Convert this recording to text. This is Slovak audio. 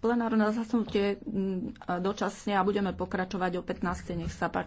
plenárne zasnutie mm, dočasne a budeme pokračovať o 15. Nech sa páči.